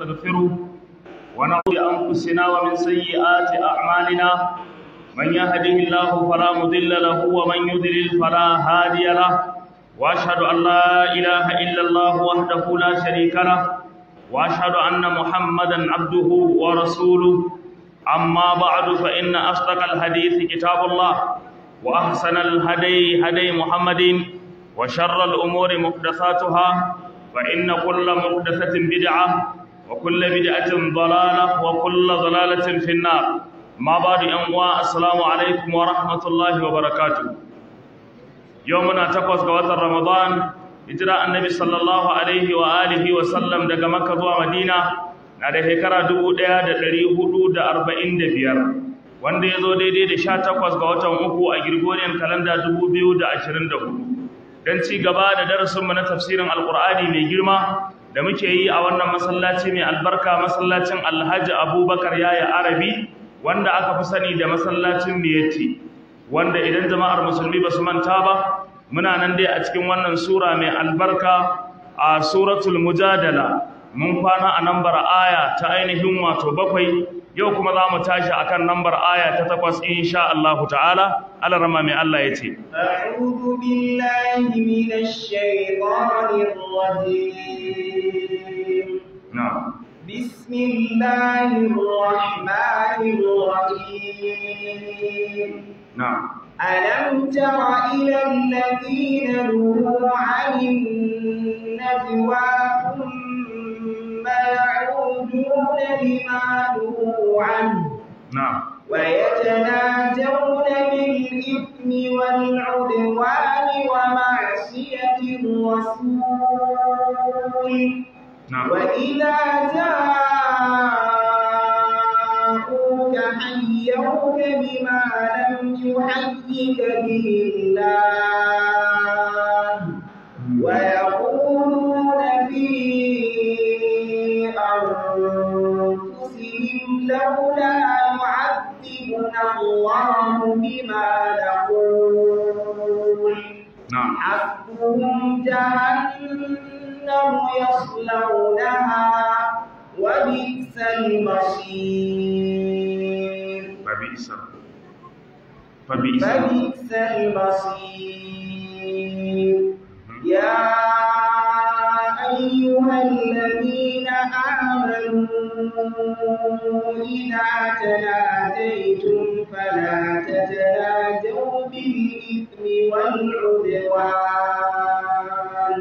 نستغفره ونعوذ أنفسنا ومن سيئات أعمالنا من يهده الله فلا مضل له ومن يضلل فلا هادي له وأشهد أن لا إله إلا الله وحده لا شريك له وأشهد أن محمدا عبده ورسوله أما بعد فإن أصدق الحديث كتاب الله وأحسن الهدي هدي محمد وشر الأمور محدثاتها فإن كل محدثة بدعة وكل بدعة ضلالة وكل ضلالة في النار ما بعد أنواع السلام عليكم ورحمة الله وبركاته يومنا تقوز قوات رمضان إجراء النبي صلى الله عليه وآله وسلم دقا مكة ومدينة na da hekara dubu ɗaya da ɗari hudu da arba'in da biyar wanda ya zo daidai da sha takwas ga watan uku a girgoriyar kalanda dubu biyu da ashirin da hudu don ci gaba da darasinmu na tafsirin alkur'ani mai girma da muke yi a wannan masallaci mai albarka masallacin alhaji abubakar yaya arabi wanda aka fi sani da masallacin miyati wanda idan jama'ar musulmi ba su manta ba muna nan dai a cikin wannan sura mai albarka a suratul mujadala mun kwana a nambar aya ta ainihin wato bakwai yau kuma za mu tashi a kan nambar aya ta takwas insha Allahu ta'ala alarama mai Allah ya ce بسم الله الرحمن الرحيم نعم ألم تر إلى الذين نهوا نعم ويتناجون بالإثم والعدوان ومعصية الرسول نعم وإذا جاءوك حيوك بما لم يحيك به الله أعلم بما نقول نعم حسبهم جهنم يصلونها وبئس المصير فبئس المصير يا أيها الذين آمنوا إذا تناديتم فلا تتناجوا بالإثم والعدوان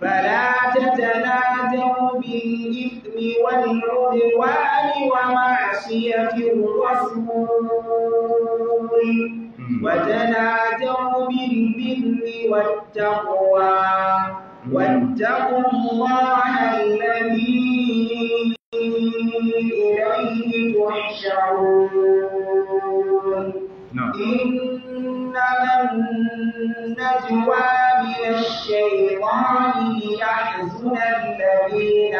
فلا تتناجوا بالإثم والعدوان ومعصية الرسول وتنازعوا بالبر والتقوى واتقوا الله الذي إليه تحشرون إنما النجوى من الشيطان ليحزن الذين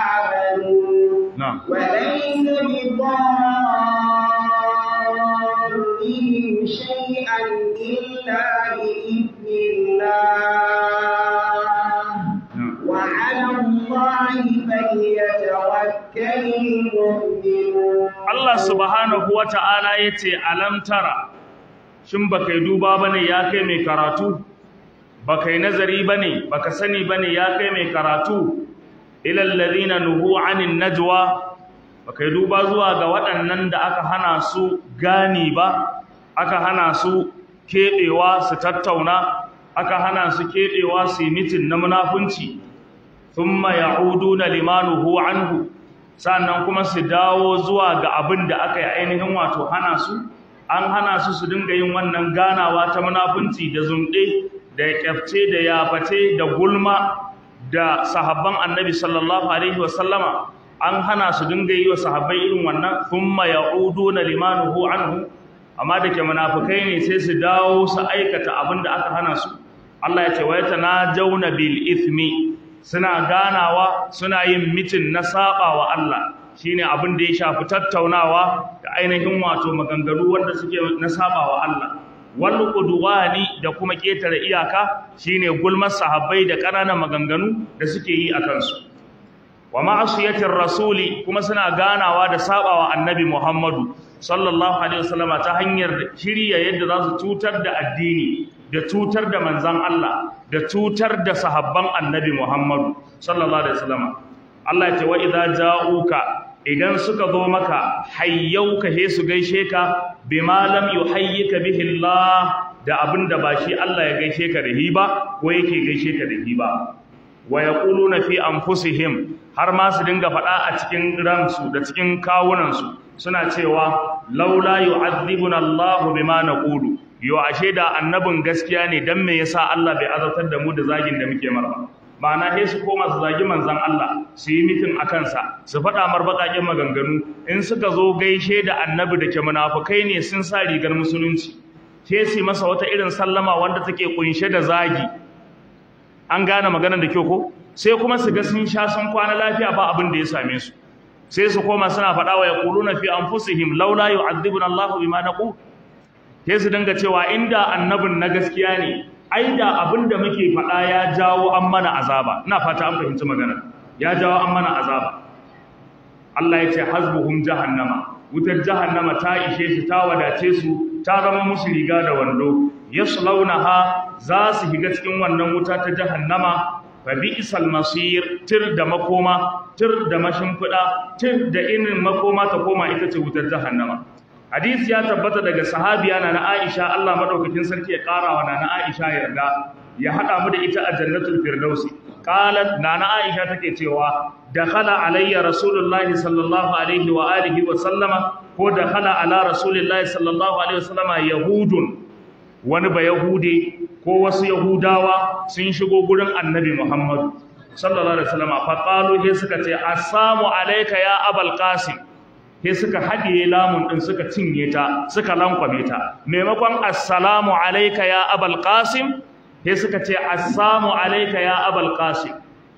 آمنوا وليس subhanahu wa ta'ala ya ce alam tara shin ba kai duba ba ne ya kai mai karatu ba kai nazari ba ne ba ka sani ba ne ya kai mai karatu Ladina nuhu anin najwa ba kai duba zuwa ga waɗannan da aka hana su gani ba aka hana su keɓewa su tattauna aka hana su keɓewa su yi mitin na munafunci ya thumma na limanuhu anhu sannan kuma su dawo zuwa ga abin da aka yi ainihin wato hana su an hana su su dinga yin wannan ganawa ta munafunci da zumbe da kyafce da yafate da gulma da sahabban annabi sallallahu alaihi wasallama an hana su dinga yi wa sahabbai irin wannan thumma na limanuhu anhu amma da ke munafukai ne sai su dawo su aikata abin da aka hana su Allah ya ce na jauna bil ithmi suna ganawa suna yin mitin na saba wa Allah shine abin da ya shafi tattaunawa da ainihin wato maganganu wanda suke na saba wa Allah wal qudwani da kuma ƙetare iyaka shine gulmar sahabbai da ƙananan maganganu da suke yi a kansu wa ma'asiyatir rasuli kuma suna ganawa da sabawa annabi Muhammadu sallallahu alaihi wasallama ta hanyar shirya yadda za su cutar da addini da cutar da manzan Allah da cutar da sahabban annabi Muhammadu sallallahu alaihi wasallam Allah ya ce wa idza ja'uka idan suka zo maka hayyauka he su gaishe ka bima lam yuhayyika bihi Allah da abinda ba shi Allah ya gaishe ka da hiba ko yake gaishe ka da hiba wa yaquluna fi anfusihim har ma su dinga faɗa a cikin ransu da cikin kawunansu suna cewa laula yu'adhibuna Allahu bima naqulu yo ashe da annabin gaskiya ne dan me yasa Allah bai azabtar da mu da zagin da muke mara ma'ana sai su koma su zagi manzan Allah su yi mitin a kansa su faɗa mar baƙaƙen maganganu in suka zo gaishe da annabi da ke munafukai ne sun sa rigar musulunci sai su masa wata irin sallama wanda take kunshe da zagi an gane maganar da kyau ko sai kuma su ga sun sha sun kwana lafiya ba abin da ya same su sai su koma suna faɗa wa yaquluna fi anfusihim laula yu'adhibuna Allahu bima naqul sai su dinga cewa inda annabin na gaskiya ne ai da abin da muke faɗa ya jawo an mana azaba ina fata an fahimci magana ya jawo an mana azaba Allah yace ce jahannama wutar jahannama ta ishe shi ta wadace su ta zama musu riga da wando yaslaunaha za su shiga cikin wannan wuta ta jahannama fa bi'sal masir tir da makoma tir da kuda, tir da inin makoma ta koma ita ce wutar jahannama hadisi ya tabbata daga sahabiya na na Aisha Allah madaukakin sarki ya kara wa na Aisha yarda ya hada mu da ita a jannatul Firdaus qalat nana na Aisha take cewa dakhala alayya rasulullahi sallallahu alaihi wa alihi wa sallama ko dakhala ala rasulillahi sallallahu alaihi wa sallama yahudun wani ba yahude ko wasu yahudawa sun shigo gurin annabi Muhammad sallallahu alaihi wa sallama fa qalu he suka ce assalamu alayka ya abul qasim sai suka haɗiye lamun ɗin suka cinye ta suka lankwame ta maimakon assalamu alaika ya abal ƙasim sai suka ce assalamu alaika ya abal ƙasim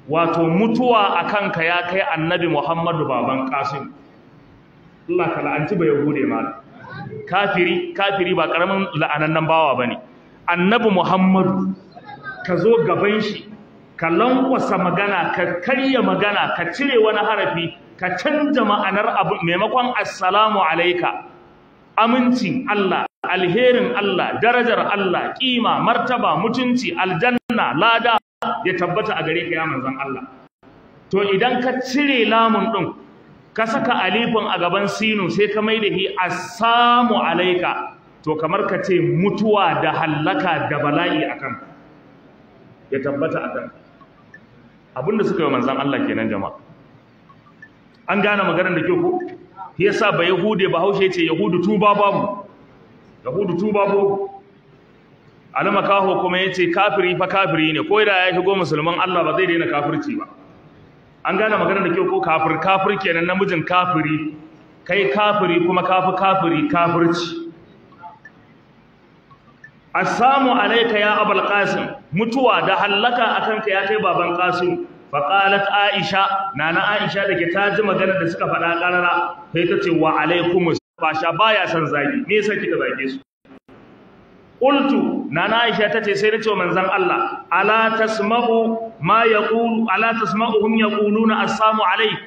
wato mutuwa a kanka ya kai annabi muhammadu baban ƙasim Allah ka la'anci bai yahude ma kafiri kafiri ba karamin la'anannan bawa ba ne. annabi muhammadu ka zo gaban shi ka lankwasa magana ka karya magana ka cire wani harafi ka canza ma'anar abu maimakon assalamu alaika aminci Allah alherin Allah darajar Allah kima martaba mutunci aljanna lada ya tabbata a gare ka ya manzon Allah to idan ka cire lamun din ka saka alifin a gaban sinu sai ka mai da hi assalamu alaika to kamar ka ce mutuwa da hallaka da bala'i akan ya tabbata akan abinda suka yi manzon Allah kenan jama'a an gane maganar da ke ko sa ba yahude ba haushe ce yahudu tuba babu yahudu tuba babu kaho kuma ya ce kafiri fa kafiri ne ko da ya shigo musulman Allah ba zai daina kafirci ba an gane maganar da ke ko kafir kafir kenan namijin kafiri kai kafiri kuma kafi kafiri kafirci samu alaika ya abul qasim mutuwa da hallaka akan ka ya kai baban qasim Faƙalat aisha nana aisha ke ta ji magana da suka faɗa ƙarara sai ta ce wa alaikumus basha baya son zagi me yasa kika zage su qultu nana aisha tace sai nace manzon Allah ala tasma'u ma yaqulu ala tasma'uhum yaquluna assalamu alayk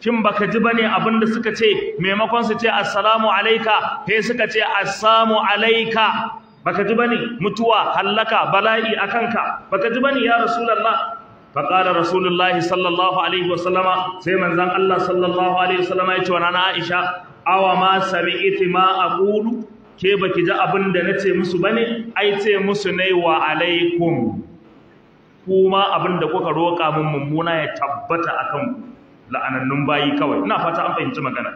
kin baka ji bane da suka ce maimakon su ce assalamu alayka sai suka ce assalamu alayka baka ji bane mutuwa hallaka bala'i akanka baka ji bane ya rasulullah فقال رسول الله صلى الله عليه Allah سي منزان الله صلى الله عليه وسلم يا تشوانا عائشه او ما سمعت ما اقول ke baki ji abin da na ce musu bane ai ce musu ne wa alaikum kuma abin da kuka roƙa mun mummuna ya tabbata a akan la'anannun bayi kawai ina fata an fahimci magana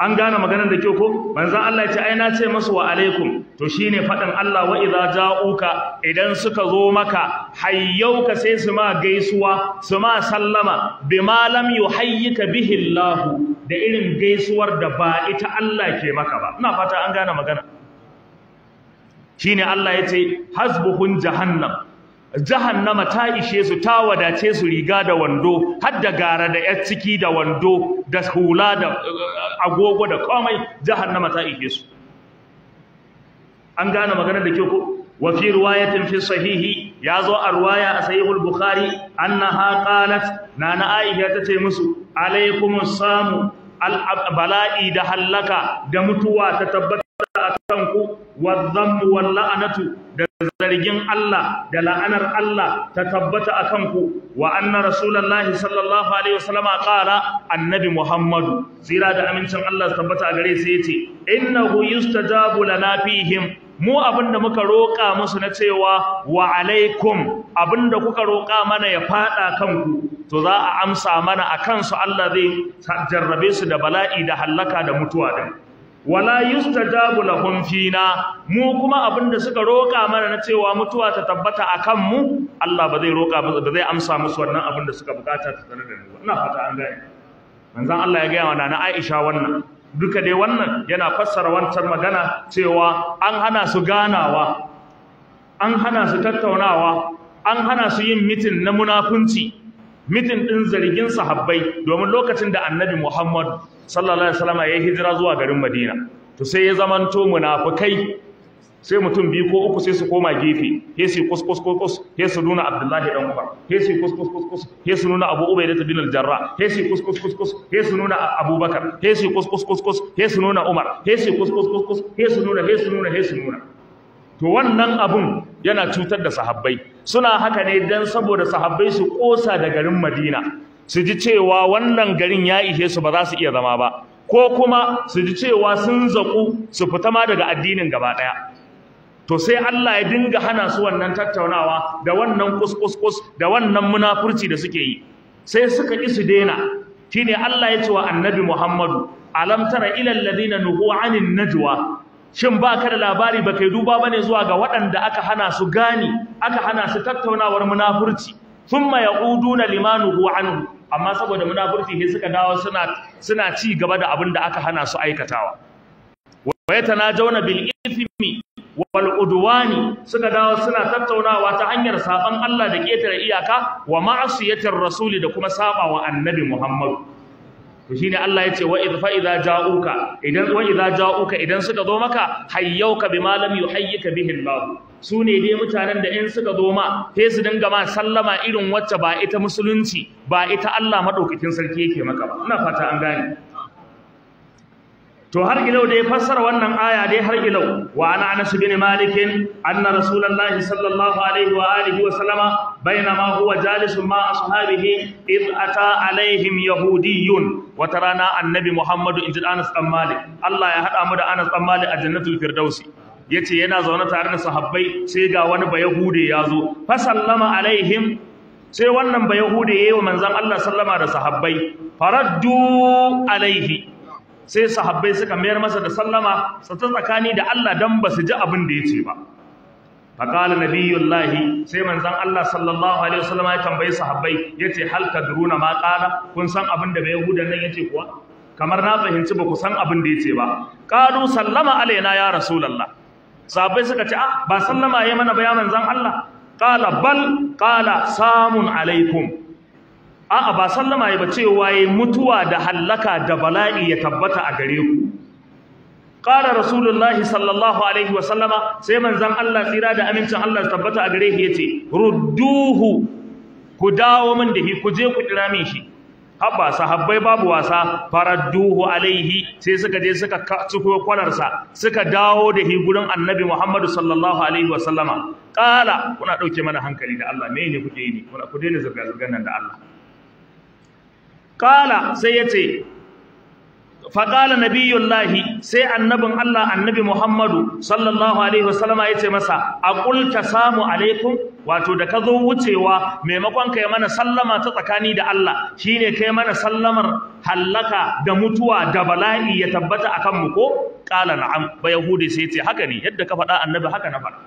an gane maganar da kyau ko manzon Allah ya ce ai na ce masu wa alaikum to shine faɗin Allah wa idza ja'uka idan suka zo maka hayyauka sai su ma gaisuwa su ma sallama bima lam yuhayyika bihi Allah da irin gaisuwar da ba ita Allah ke maka ba ina fata an gane magana shine Allah ya ce hasbuhun jahannam jahannama ta ishe su ta wadace su riga da wando har da gara da yar ciki da wando da hula da eh, agogo da komai jahannama ta ishe su an gane maganar da ke ko wa fi riwayatin fi sahihi ya zo a riwaya a sahihul bukhari annaha qalat nana aisha ta ce musu alaikumus samu al bala'i da hallaka da mutuwa ta tabbata wadhammu wal da zargin Allah da la'anar Allah ta tabbata a kanku wa anna rasulullahi sallallahu alaihi a qala annabi muhammadu zira da amincin Allah tabbata a gare sai yace innahu yustajabu lana fihim mu abinda muka roƙa musu na cewa wa alaikum abinda kuka roƙa mana ya fada kanku to za a amsa mana a kansu Allah zai jarrabe su da bala'i da hallaka da mutuwa da. wala yustajabu lahum fina mu kuma abinda suka roka mana na cewa mutuwa ta tabbata akan mu Allah ba zai roka ba zai amsa musu wannan abinda suka bukata ta sanar da mu ina fata an gane manzon Allah ya ga wa nana Aisha wannan duka dai wannan yana fassara wancan magana cewa an hana su ganawa an hana su tattaunawa an hana su yin mitin na munafunci mitin din zargin sahabbai domin lokacin da Annabi Muhammad sallallahu alaihi wasallam ya hijira zuwa garin Madina to sai ya zamanto munafikai sai mutum biyu ko uku sai su koma gefe sai su kus kus sai su nuna Abdullahi dan Umar sai su kus kus sai su nuna Abu Ubaidah bin al-Jarrah sai su kus kus sai su nuna Abubakar sai su kus kus sai su nuna Umar sai su kus kus sai su nuna sai su nuna sai su nuna to wannan abun yana cutar da sahabbai suna haka ne dan saboda sahabbai su kosa da garin Madina su ji cewa wannan garin ya ishe su ba za su iya zama ba ko kuma su ji cewa sun zaku su fita ma daga addinin gaba ɗaya, to sai Allah ya dinga hana su wannan tattaunawa da wannan kuskuskus da wannan munafurci da suke yi sai suka ki su daina shine Allah ya ce wa Annabi Muhammadu alam tara na nuhu anin najwa shin baka da labari baka yi duba bane zuwa ga waɗanda aka hana su gani aka hana su tattaunawar munafurci thumma yaquduna limanu anhu amma saboda munafurci sai suka dawo suna suna ci gaba da abin da aka hana su aikatawa tana jauna bil ithmi wal udwani suka dawo suna tattaunawa ta hanyar saban Allah da ketare iyaka wa ma'asiyatir rasuli da kuma sabawa annabi Muhammadu. to shine Allah yace wa idh fa ja'uka idan wa idza ja'uka idan suka zo maka hayyauka bima lam yuhayyika bihi Allah sune dai mutanen da in suka zo ma sai su dinga ma sallama irin wacce ba ita musulunci ba ita Allah madaukakin sarki yake maka ba ina fata an gane to har ilau dai ya fassara wannan aya dai har ilau wa ana anas bin malik anna Rasulullahi sallallahu alaihi wa alihi wa sallama bainama huwa jalisun ma ashabihi id ata alaihim Yahudiyun. wata rana annabi muhammadu inji anas dan malik Allah ya hada mu da anas dan malik a jannatul firdausi yace yana zaune tare da sahabbai sai ga wani bayahude ya zo fa sallama alaihim sai wannan bayahude yayi wa manzon Allah sallama da sahabbai faraddu alaihi sai sahabbai suka mayar masa da sallama su ta tsakani da Allah don ba su ji abin da ya ce ba na biyun lahi sai manzon Allah sallallahu alaihi wasallama ya tambayi sahabbai ya yace hal tadruna ma qala kun san abin da bai yahudan nan ya ce kuwa kamar na fahimci ba ku san abin da ya ce ba qalu sallama alaina ya Rasulallah. sahabbai suka ce ah ba sallama ya mana ba ya Allah Ƙala bal ƙala samun alaikum a'a ba sallama ya ba cewa ya mutuwa da hallaka da bala'i ya tabbata a gare ku qala rasulullahi sallallahu alaihi wa sallama sai manzon Allah tsira da amincin Allah tabbata a gare shi yace rudduhu ku dawo min da shi ku je ku kira min shi haba sahabbai babu wasa faradduhu alaihi sai suka je suka ciko kwalarsa suka dawo da shi gurin annabi Muhammadu sallallahu alaihi wa sallama qala kuna dauke mana hankali da Allah me ne kuke yi ne kuna ku daina zirga nan da Allah qala sai yace faqala nabiyullahi sai annabin Allah annabi Muhammadu sallallahu alaihi wasallama ce masa ƙulka samu alaikun wato da ka zo wucewa maimakon kai mana sallama ta tsakani da Allah shi ne kai mana sallamar hallaka da mutuwa da bala'i ya tabbata a kanmu ko ƙala na'am ba yahudi sai yace haka ne yadda ka faɗa annabi haka na faɗa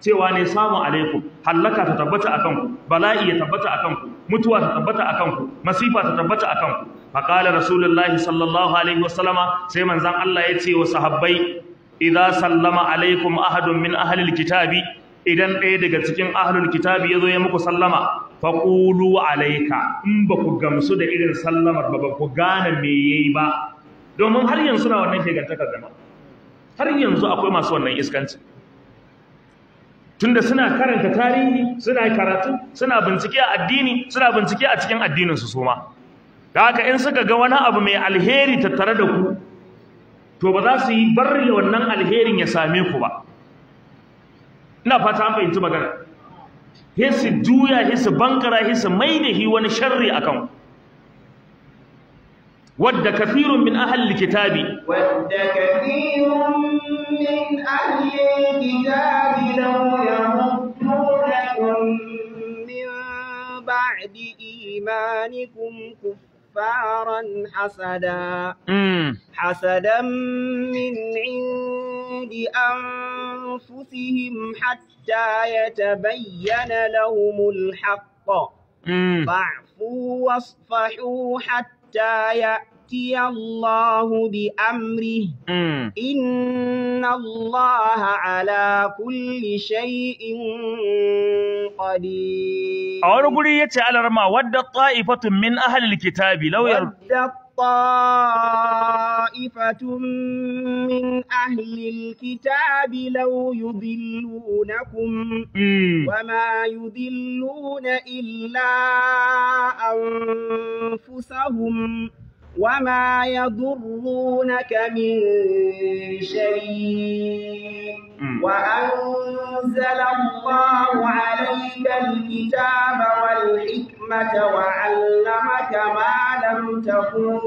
cewa ne samun alaikum hallaka ta tabbata a ku bala'i ya tabbata a ku mutuwa ta tabbata a ku masifa ta tabbata akan ku faqala rasulullahi sallallahu alaihi wasallama sai manzan Allah ya ce wa sahabbai idan sallama alaikum ahadun min ahalil kitabi, idan ɗaya daga cikin ahalil kitabi ya zo ya muku sallama faƙulu alaika in ba ku gamsu da irin sallamar ba ba ku gane me ya yi ba domin har yanzu na wannan shegantakar zama har yanzu akwai masu wannan iskanci tunda suna karanta tarihi suna karatu suna bincike a addini suna bincike a cikin addininsu su ma da haka in suka ga wani abu mai alheri tattare da ku to ba za su yi barri wannan alherin ya same ku ba ina fata an fahimci magana hisu juya hisu bankara hisu mai da hi wani sharri akan ku ود كثير من أهل الكتاب ود كثير من أهل الكتاب لو يردونكم من بعد إيمانكم كفارا حسدا حسدا من عند أنفسهم حتى يتبين لهم الحق فاعفوا واصفحوا حتى حتى يأتي الله بأمره إن الله على كل شيء قدير أول قولي يتعالى رما ود الطائفة من أهل الكتاب لو يرد طائفة من أهل الكتاب لو يضلونكم وما يضلون إلا أنفسهم وما يضرونك من شيء وأنزل الله عليك الكتاب والحكمة وعلمك ما لم تكن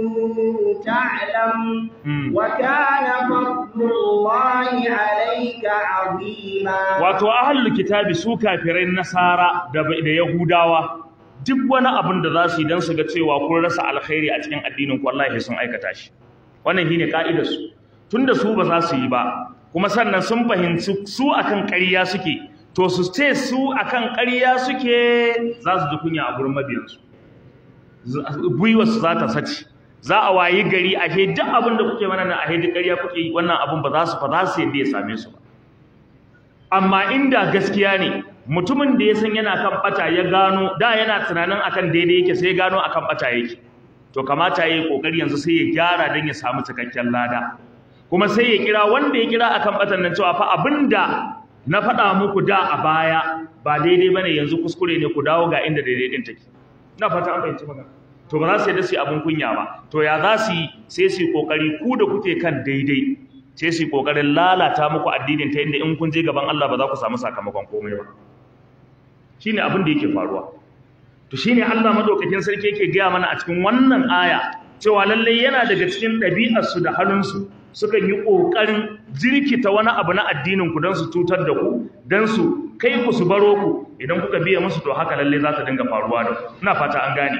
تعلم وكان فضل الله عليك عظيما وتو أهل الكتاب سوكا فرين نصارى دا يهوداوا duk wani abin da za su yi don su ga cewa kun rasa alkhairi a cikin addinin ku wallahi sun aikata shi wannan shine ka'idar su tunda su ba za su yi ba kuma sannan sun fahimci su akan ƙarya suke to su ce su akan ƙarya suke za su ji kunya a gurin mabiyansu su za ta sace za a wayi gari a duk abin da kuke mana a duk ƙarya kuke wannan abin ba za su fa za su yi da ya same su ba amma inda gaskiya ne mutumin da ya san yana kan bata ya gano da yana tunanin akan daidai yake sai gano akan bata yake to kamata yayi kokari yanzu sai ya gyara dan ya samu cikakken lada kuma sai ya kira wanda ya kira akan batan nan cewa fa abinda na faɗa muku da a baya ba daidai bane yanzu kuskure ne ku dawo ga inda daidai din take na fata an fahimci magana to ba za su yadda su abin kunya ba to ya za su yi sai su kokari ku da kuke kan daidai sai su kokarin lalata muku addinin ta inda in kun je gaban Allah ba za ku samu sakamakon komai ba Shi ne abin da yake faruwa to shi ne Allah madaukakin sarki yake gaya mana a cikin wannan aya cewa lallai yana daga cikin ɗabi'arsu da halinsu sukan yi ƙoƙarin jirkita wani abu na addinin ku don su cutar da ku don su kai ku su baro ku idan kuka biya musu to haka lallai za ta dinga faruwa da ku ina fata an gane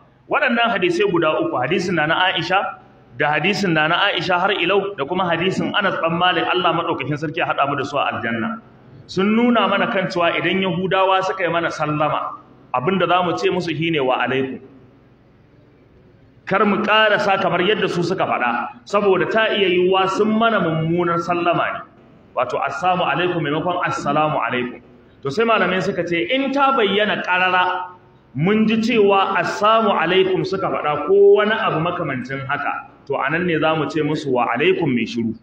waɗannan hadisai guda uku hadisin na na Aisha da hadisin na na Aisha har ilau da kuma hadisin Anas ɗan Malik Allah maɗaukacin sarki a haɗa mu da su a aljanna sun nuna mana kan cewa idan Yahudawa suka yi mana sallama abinda za mu ce musu shine wa alaikum kar mu ƙara sa kamar yadda su suka faɗa saboda ta iya yiwuwa sun mana mummunar sallama ne wato assalamu alaikum maimakon assalamu alaikum to sai malamai suka ce in ta bayyana ƙarara mun ji cewa assalamu alaikum suka faɗa ko wani abu makamancin haka to anan ne zamu ce musu wa alaikum mai shiru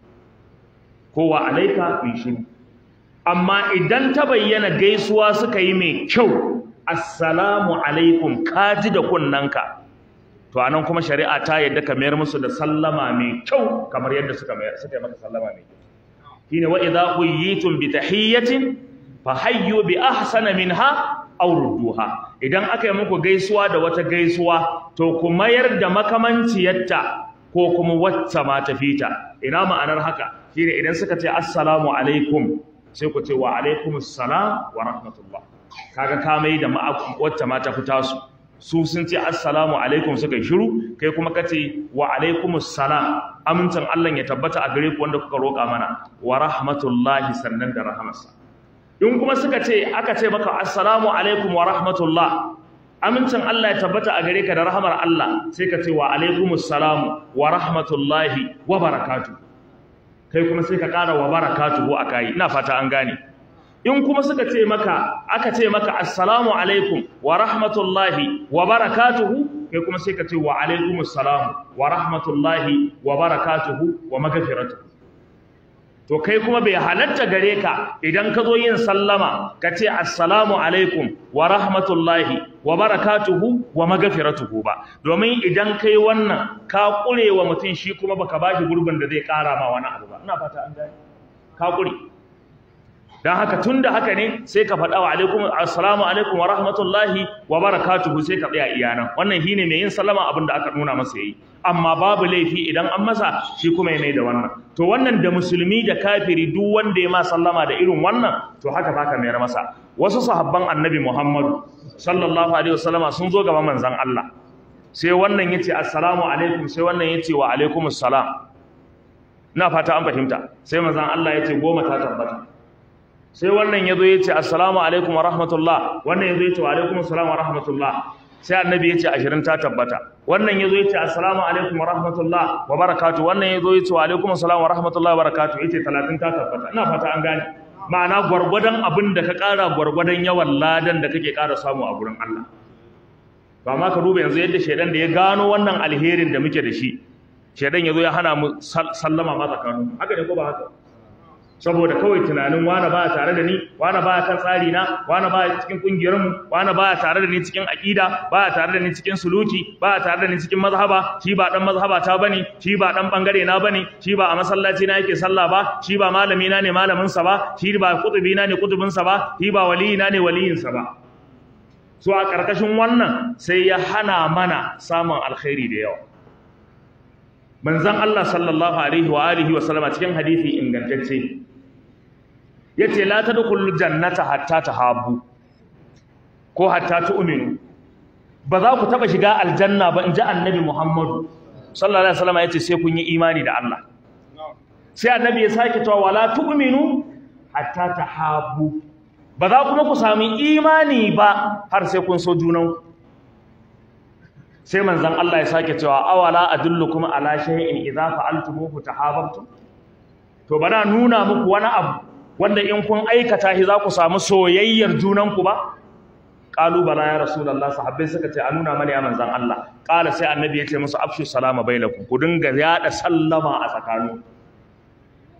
ko wa alaika mai shiru amma idan ta bayyana gaisuwa suka yi mai kyau assalamu alaikum ka ji da kunnanka to anan kuma shari'a ta yadda ka mayar musu da sallama mai kyau kamar yadda suka yi maka sallama mai kyau shine wa idha quyitum bi tahiyyatin fa hayyu bi ahsana minha aw rudduha idan aka yi muku gaisuwa da wata gaisuwa to ku mayar da makamanciyarta ko kuma wacce ma tafita ina ma'anar haka shine idan suka ce assalamu alaikum sai ku ce wa alaikumus salam wa rahmatullah kaga ka mai da wacce ma ta fita su su sun ce assalamu alaikum suka shiru kai kuma kace wa alaikumus salam amincin Allah ya tabbata a gare ku wanda kuka roƙa mana wa rahmatullahi sannan da rahamarsa in kuma suka ce aka ce maka assalamu alaikum wa rahmatullah amincin Allah ya tabbata a gare ka da rahmar Allah sai ka ce wa alaikumus salamu wa rahmatullahi wa barakatuh kai kuma sai ka kara wa barakatuhu akai ina fata an gane in kuma suka ce maka aka ce maka assalamu alaikum wa rahmatullahi wa barakatuhu kai kuma sai ka ce wa alaikumus salam wa rahmatullahi wa barakatuhu wa maghfiratuh to kai kuma bai halatta gare ka idan ka zo yin sallama ka ce assalamu alaikum wa rahmatullahi wa barakatuhu wa magafiratuhu ba domin idan kai wannan ka kurewa wa mutum shi kuma baka bashi gurbin da zai kara ma wani abu ba ina fata an gane ka kure don haka tun da haka ne sai ka faɗa wa alaikum assalamu alaikum wa rahmatullahi wa barakatuhu sai ka tsaya iyanan wannan shine mai yin sallama abin da aka nuna masa yi. amma babu laifi idan an masa shi kuma ya mai da wannan to wannan da musulmi da kafiri duk wanda ya ma sallama da irin wannan to haka zaka mayar masa wasu sahabban annabi Muhammadu sallallahu alaihi wasallama sun zo gaba manzon Allah sai wannan ce assalamu alaikum sai wannan ce wa alaikumus salam na fata an fahimta sai manzon Allah yace goma ta tabbata sai wannan ya zo ya ce assalamu alaikum wa rahmatullah wannan ya zo ya ce wa alaikum assalamu wa rahmatullah sai annabi ya ce ashirin ta tabbata wannan ya zo ya ce assalamu alaikum wa rahmatullah wa barakatu wannan ya zo ya ce wa alaikum assalamu wa rahmatullah wa barakatu ya ce talatin ta tabbata ina fata an gane ma'ana gwargwadon abin da ka ƙara gwargwadon yawan ladan da kake ƙara samu a gurin Allah ba ma ka duba yanzu yadda shaidan da ya gano wannan alherin da muke da shi shaidan ya zo ya hana mu sallama ma tsakanin haka ne ko ba haka saboda kawai tunanin wane ba tare da ni wane ba kan tsari na wane ba cikin kungiyarmu wane ba tare da ni cikin aqida ba tare da ni cikin suluki ba tare da ni cikin mazhaba shi ba dan mazhaba ta bane shi ba dan bangare na bane shi ba a masallaci na yake sallah ba shi ba malami na ne malamin sa ba shi ba kutubi na ne kutubin sa ba shi ba wali na ne waliyin sa ba so a karkashin wannan sai ya hana mana samun alkhairi da yawa manzon Allah sallallahu alaihi wa alihi wa sallama cikin hadisi ingantacce yace la tadkhulul jannata hatta habu, ko hatta tu'minu ba za ku taba shiga aljanna ba in ji annabi Muhammadu sallallahu alaihi wasallam yace sai kun yi imani da Allah sai annabi ya sake cewa wala tu'minu hatta habu. ba za kuma ku sami imani ba har sai kun so junan sai manzon Allah ya sake cewa awala a dullu adullukum ala shay'in idza fa'altumuhu tahabbtum to bana nuna muku wani abu wanda in kun aikata shi za ku samu soyayyar junanku ba qalu bala ya rasulullah sahabbai suka ce a nuna mana ya manzan Allah qala sai annabi ya ce musu afshu salama bainakum ku dinga yada sallama a tsakanin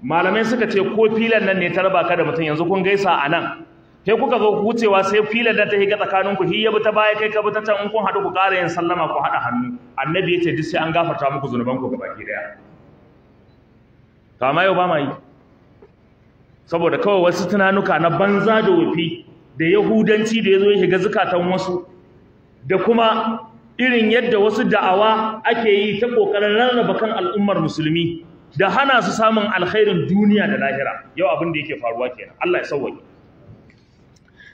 malamai suka ce ko filan nan ne ta raba ka da mutum yanzu kun gaisa a nan kai kuka zo wucewa sai filan da ta higa tsakanin ku hiya bi ta baya kai ka bi ta can in kun haɗu ku ƙara yin sallama ku haɗa hannu annabi ya ce duk sai an gafarta muku zunubanku ku ki daya to amma yau ba ma yi saboda kawai wasu tunanuka na banza da wufi da yahudanci da ya zo ya shiga zukatan wasu da kuma irin yadda wasu da'awa ake yi ta ƙoƙarin rarraba kan al'ummar musulmi da hana su samun alkhairin duniya da lahira yau abin da yake faruwa kenan Allah ya sauwaye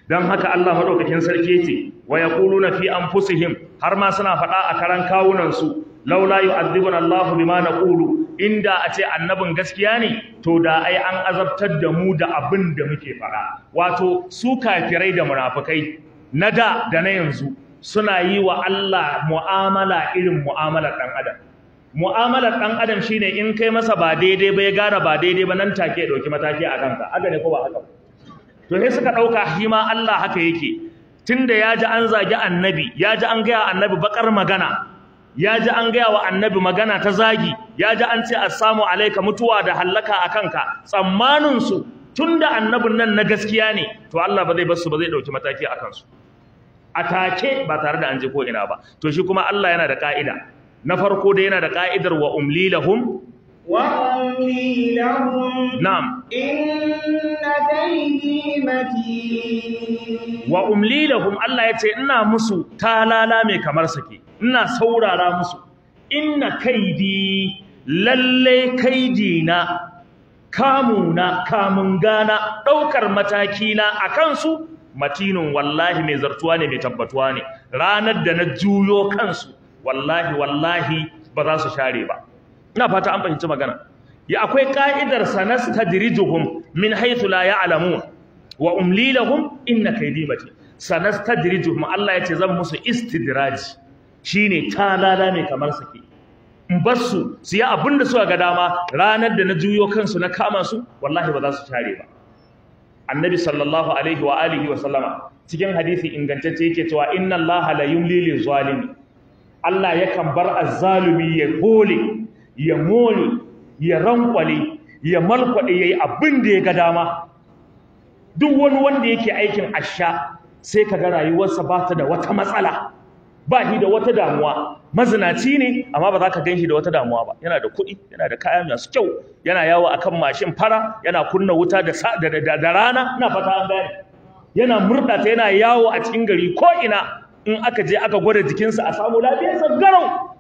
don haka Allah madaukakin sarki yace wa yaquluna fi anfusihim har ma suna faɗa a karan kawunan su laula yu'adhibuna Allahu bima naqulu inda a ce annabin gaskiya ne to da ai an azabtar da mu da abin da muke fara wato su kafirai da munafukai na da da na yanzu suna yi wa Allah mu'amala irin mu'amalar dan adam mu'amalar dan adam shine in kai masa ba daidai ba ya gara ba daidai ba nan take ya dauki mataki a kanka haka ne ko ba haka to sai suka dauka shi Allah haka yake tunda ya ji an zagi annabi ya ji an gaya annabi bakar magana ya ji an gaya wa annabi magana ta zagi ya ji an ce samu alaika mutuwa da hallaka a kanka tsammaninsu tun da annabin nan na gaskiya ne to Allah ba zai bar su ba zai ɗauki mataki a kansu a take ba tare da an je ko'ina ba to shi kuma Allah yana da ƙa'ida. na farko da yana da ƙa'idar wa umli lahum wa umli lahum na'am inna kaydi matin wa umli lahum Allah ce ina musu talala mai kamar sake ina saurara musu inna kaidi lalle kaidi na kamuna kamun gana ɗaukar mataki na a kansu matinin wallahi mai zartuwa ne mai tabbatuwa ne ranar da na juyo kansu wallahi wallahi ba za su share ba ina fata an fahimci magana ya akwai ka'idar sanastadrijuhum min haythu la ya'lamun wa umli lahum inna kaydi matin sanastadrijuhum Allah ya ce zan musu istidraji Shi shine talala mai kamar sake in bar su su yi abin da suka ga dama ranar da na juyo kansu na kama su wallahi ba za su tare ba annabi sallallahu alaihi wa alihi wa sallama cikin hadisi ingantacce yake cewa inna allaha la yumli lil zalimi Allah yakan bar azzalumi ya gole, ya mole ya rankwale ya malkwade yayi abin da ya ga dama duk wani wanda yake aikin asha sai ka ga rayuwarsa ba ta da wata matsala ba shi da wata damuwa mazinaci ne amma ba za ka gan shi da wata damuwa ba yana da kuɗi yana da kaya masu kyau yana yawo a kan mashin fara yana kunna wuta da rana ina fata an gane yana murɗa yana yawo a cikin gari ko ina in aka je aka gwada jikinsa a samu lafiyarsa garau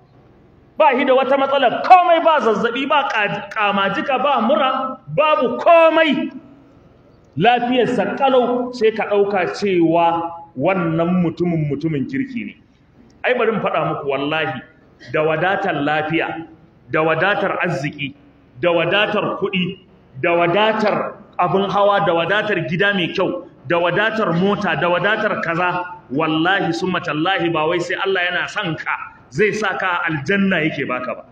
ba shi da wata matsalar komai ba zazzabi ba kamajika ba mura babu komai lafiyarsa kalau sai ka ɗauka cewa wannan mutumin mutumin kirki ne ai bari mu faɗa muku wallahi da wadatar lafiya da wadatar arziki da wadatar kuɗi da wadatar abin hawa da wadatar gida mai kyau da wadatar mota da wadatar kaza wallahi summa tallahi ba wai sai Allah yana son ka zai sa ka aljanna yake baka ba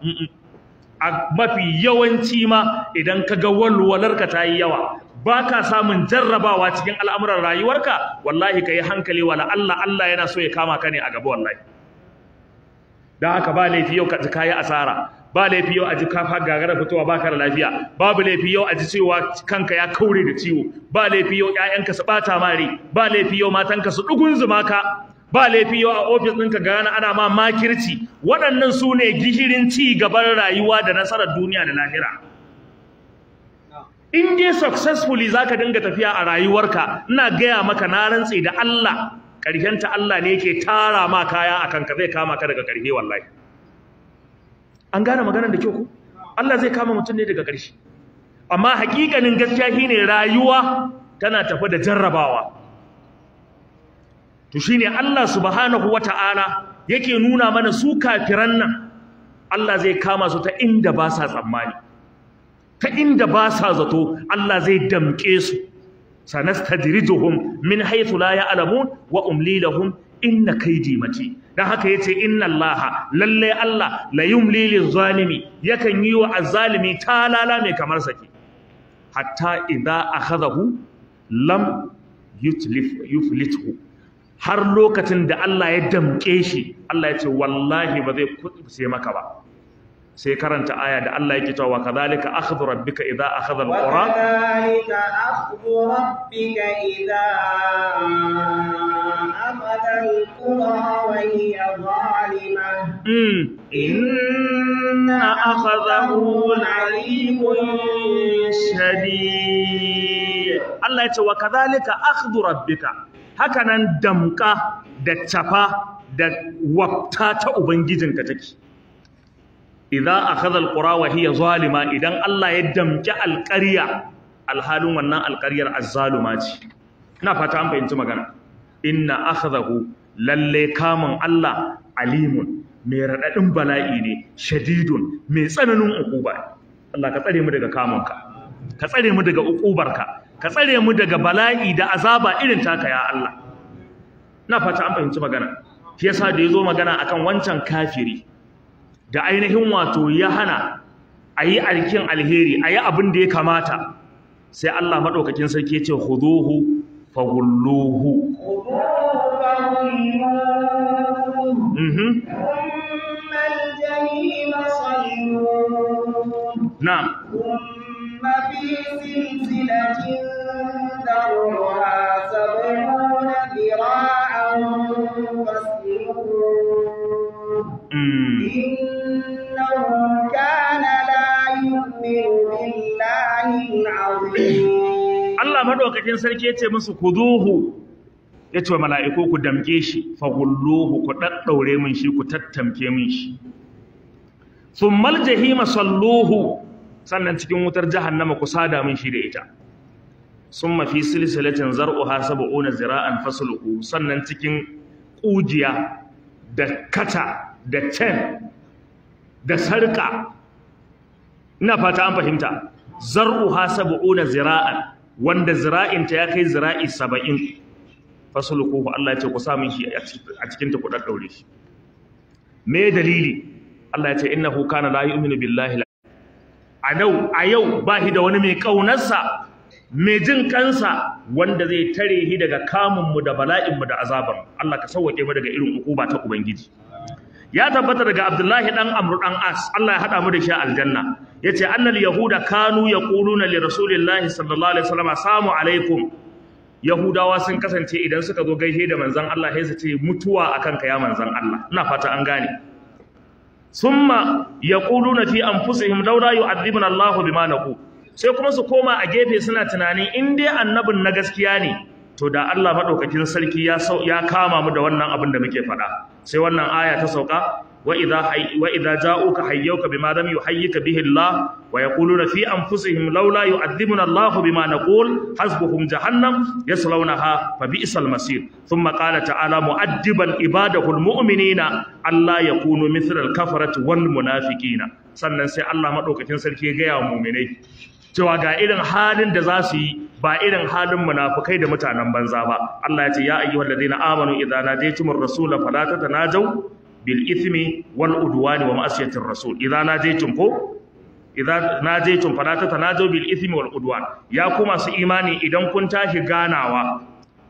a mafi yawanci ma idan ka ga walwalarka ta yi yawa baka samun jarrabawa cikin al'amuran rayuwarka wallahi ka yi hankali wala Allah Allah yana so ya kama ka ne a gaba wallahi Da aka ba laifi yau ka ji kayi asara ba laifi yau a ji kafa gagarar fitowa baka da lafiya babu laifi yau a ji cewa kanka ya kaure da ciwo ba laifi yau ƴaƴanka su bata mare ba laifi yau matanka su zuma ka ba laifi yau a ofis ɗinka gana ana ma makirci waɗannan su ne gishirin ci gaban rayuwa da nasarar duniya da lahira in dai successfully zaka dinga tafiya a rayuwarka ina gaya maka na rantse da Allah ta Allah ne yake tara ma kaya a kanka zai kama ka daga ƙarfe wallahi an gane maganar da kyau ku Allah zai kama mutum ne daga ƙarshe amma haƙiƙanin gaskiya shine rayuwa tana tafi da jarrabawa to shine Allah subhanahu wata'ala yake nuna mana su kafiran nan Allah zai kama su ta inda ba sa tsammani ta inda ba sa zato Allah zai damƙe su sanastadrijuhum min haythu la ya'lamun wa umli lahum inna kaidi mati dan haka yace inna allaha lalle allah la yumli zalimi. yakan yi wa azzalimi talala mai kamar sake hatta idza akhadahu lam yutlif yuflithu har lokacin da Allah ya damke shi Allah ya ce wallahi ba zai kutse maka ba sai karanta aya da Allah yake cewa kadhalika akhdhu rabbika idza akhadha alqura kadhalika akhdhu rabbika idza akhadha alqura wa hiya zalimah hmm. inna akhadhahu alimun shadid Allah yace wa kadhalika akhdhu rabbika hakanan damka da tafa da wafta ta ubangijinka take idza akhadha alqura wa hiya zalima idan Allah ya damki alqarya alhalin wannan alqaryar azzaluma ce ina fata an fahimci magana inna akhadahu lalle kamun Allah alimun mai radadin bala'i ne shadidun mai tsananin ukuba Allah ka tsare mu daga kamun ka ka tsare mu daga ukubarka ka tsare mu daga bala'i da azaba irin taka ya Allah ina fata an fahimci magana shi yasa da yazo magana akan wancan kafiri da ainihin wato ya hana a yi alkin alheri a yi abin da ya kamata sai Allah maɗaukakin sarki ce huduhu fagulluhu mhm. na'am Lokacin sarki ya ce musu kuduhu ce wa mala'iku ku damke shi fagulluhu ku ɗaɗɗaure min shi ku tattamke min shi thummal jahima salluhu sannan cikin wutar jahannama ku sada min shi da ita sun mafi silsilatin zar'uha sab'una zira'an fasulhu sannan cikin ƙujiya, da kata da ten da sarka ina fata an fahimta zar'uha sab'una zira'an wanda zira'inta ya kai zira'i saba'in fasulukuhu Allah ya ce ku sa shi a cikin ta kudar ɗaure. shi me dalili Allah ya ce innahu kana la yu'minu billahi a dau a yau ba shi da wani mai ƙaunarsa, mai jin kansa wanda zai tare shi daga kamun mu da bala'inmu da azabar Allah ka sauwake mu daga irin ba ta ubangiji ya tabbata daga Abdullahi dan amru dan As Allah ya hada mu da shi aljanna yace annal yahuda kanu yaquluna li rasulillahi sallallahu alaihi wasallam assalamu alaikum yahudawa sun kasance idan suka zo gaishe da manzon Allah sai su ce mutuwa akan ka ya manzon Allah ina fata an gane summa yaquluna fi anfusihim laula yu'adhibuna Allahu bima naqu sai kuma su koma a gefe suna tunani, in dai annabin na gaskiya ne to da Allah madaukakin sarki ya kama mu da wannan abin da muke faɗa sai wannan aya ta sauka wa idza wa idza ja'uka hayyuka bima lam yuhayyika bihi Allah wa yaquluna fi anfusihim laula yu'adhibuna Allah bima naqul hasbuhum jahannam yaslawnaha fa bi'sal masir thumma qala ta'ala mu'addiban ibadahu almu'minina alla yakunu mithla alkafarati wal munafiqina sannan sai Allah madaukakin sarki ya ga ya mu'minai cewa ga irin halin da za su yi ba irin halin munafukai da mutanen banza ba Allah ya ce ya ayyuhal ladina amanu idza ar rasula fala tatanajaw bil ithmi wal udwani wa ar rasul idza najaytum ko idza najaytum fala tatanajaw bil ithmi wal udwan ya ku masu imani idan kun tashi ganawa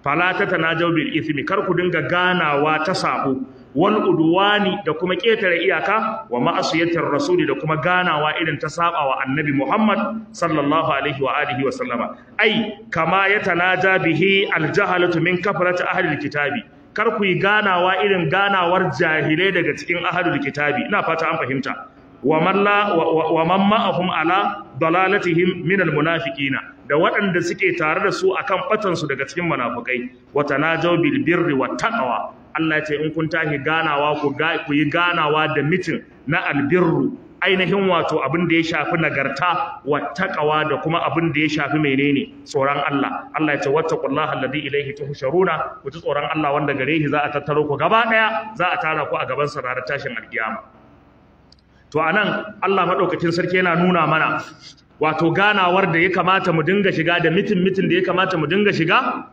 fala tatanajaw bil ithmi kar ku dinga ganawa ta sabo wal udwani da kuma ƙetare iyaka wa ma'asiyatir rasuli da kuma ganawa irin ta wa annabi Muhammad sallallahu alaihi wa alihi wa sallama ai kama yatanaja bihi aljahalatu min kafarati ahli kitabi kar ku yi ganawa irin ganawar jahilai daga cikin ahlul kitabi ina fata an fahimta wa man la wa man ma'ahum ala dalalatihim min da waɗanda suke tare da su akan batansu daga cikin munafukai wa tanajaw bil birri wat taqwa Allah ce in kun tashi ganawa ku yi ganawa da mitin na albirru ainihin wato abin da ya shafi nagarta wa taqwa da kuma abin da ya shafi menene tsoron Allah Allah ya ce wattaqullaha alladhi ilayhi tuhsharuna ku ji tsoron Allah wanda gare shi za a tattaro ku gaba daya za a tara ku a gaban sa ranar tashin alkiyama to anan Allah madaukakin sarki yana nuna mana wato ganawar da ya kamata mu dinga shiga da mitin mitin da ya kamata mu dinga shiga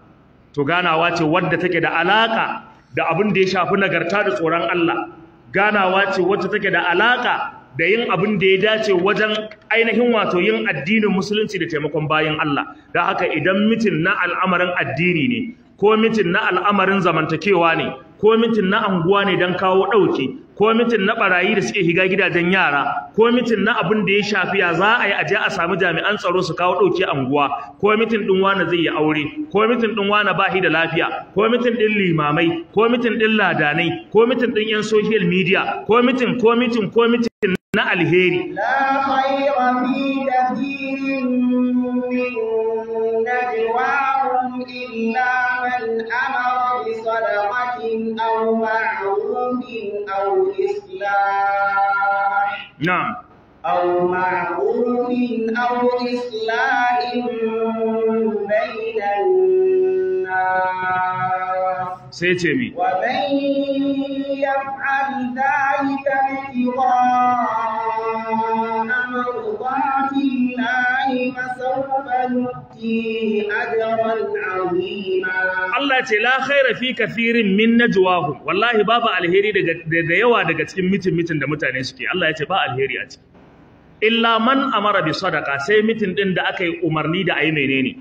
to ganawa ce wadda take da alaka da abin da ya shafi nagarta da tsoron Allah ganawa ce wacce take da alaka da yin abin da ya dace wajen ainihin wato yin addinin musulunci da taimakon bayan Allah da haka idan mitin na al'amarin addini ne ko mitin na al'amarin zamantakewa ne ko mitin na anguwa ne don kawo ɗauki ko mitin na barayi da suke higa gidajen yara ko mitin na abin da ya shafi ya za a yi aje a samu jami'an tsaro su kawo dauke anguwa ko mitin din wani zai yi aure ko mitin din wani bahi da lafiya ko mitin din limamai ko mitin din ladanai ko mitin din yan social media ko mitin ko mitin ko mitin na alheri la khayra نكاح نعم أو معروف أو إصلاح بين الناس سيتمي ومن يفعل ذلك ابتغاء allah أجرا ce la khaira fi kathirin min najwahum wallahi babu alheri da yawa daga cikin mitin mitin da mutane suke Allah ya ce ba alheri a ciki illa man amara bi sadaka sai mitin din da aka yi umarni da ayi menene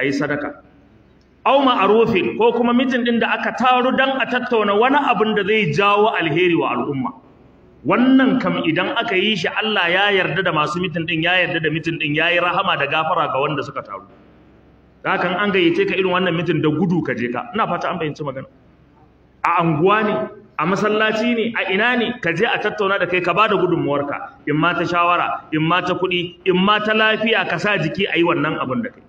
ayi sadaka aw rufin ko kuma mitin ɗin da aka taru dan a tattauna wani abin da zai jawo alheri wa al'umma wannan kam idan aka yi shi Allah ya yarda da masu mitin din ya yarda da mitin din yayi rahama da gafara ga wanda suka taru hakan an gayyace ka irin wannan mitin da gudu ka je ka ina fata an fahimci magana a anguwa ne a masallaci ne a ina ne ka je a tattauna da kai ka bada ka. in ma ta shawara in ma ta kuɗi in ma ta lafiya ka sa jiki a yi wannan abin da kai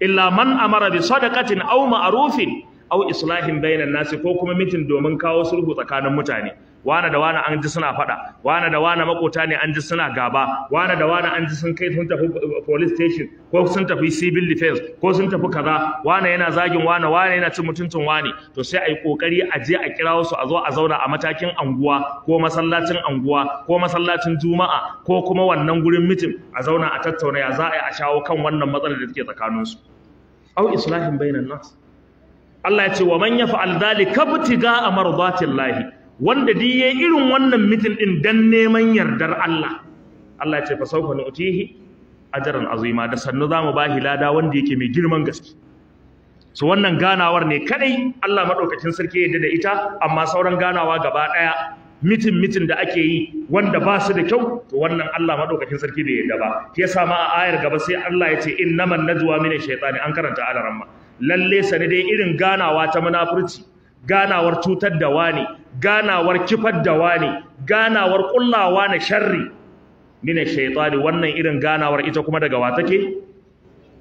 illa man amara bi sadaqatin aw ma'rufin aw islahin bainan nasi ko kuma mitin domin kawo sulhu tsakanin mutane wane da wane an ji suna faɗa wane da wane makota ne an ji suna gaba wane da wane an ji sun kai sun tafi eh, police station ko sun tafi civil defense ko sun tafi kaza wane yana zagin wane wane yana cin mutuncin wane to sai a yi kokari a je a kirawo su a zo a zauna a matakin anguwa ko masallacin anguwa ko masallacin juma'a ko kuma wannan gurin mitin a zauna a tattauna ya za a yi a shawo kan wannan matsalar da take tsakaninsu au islahin bainan nas Allah ya ce wa man yaf'al dhalika ibtiga'a mardatillahi wanda duk yayi irin wannan mitin din dan neman yardar Allah Allah ya ce fa sauka nu'tihi ajran azima da sannu zamu bahi lada wanda yake mai girman gaske so wannan ganawar ne kadai Allah madaukakin sarki ya dada da ita amma sauran ganawa gaba daya mitin mitin da ake yi wanda ba su da kyau to wannan Allah madaukakin sarki bai yarda ba shi yasa ma a ayar gaba sai Allah ya ce innamal najwa minash shaitani an karanta alaramma lalle sane dai irin ganawa ta munafurci ganawar cutar da wani ganawar kifar da wani ganawar kullawa na sharri mina ash-shaytani wannan irin ganawar ita kuma daga wa take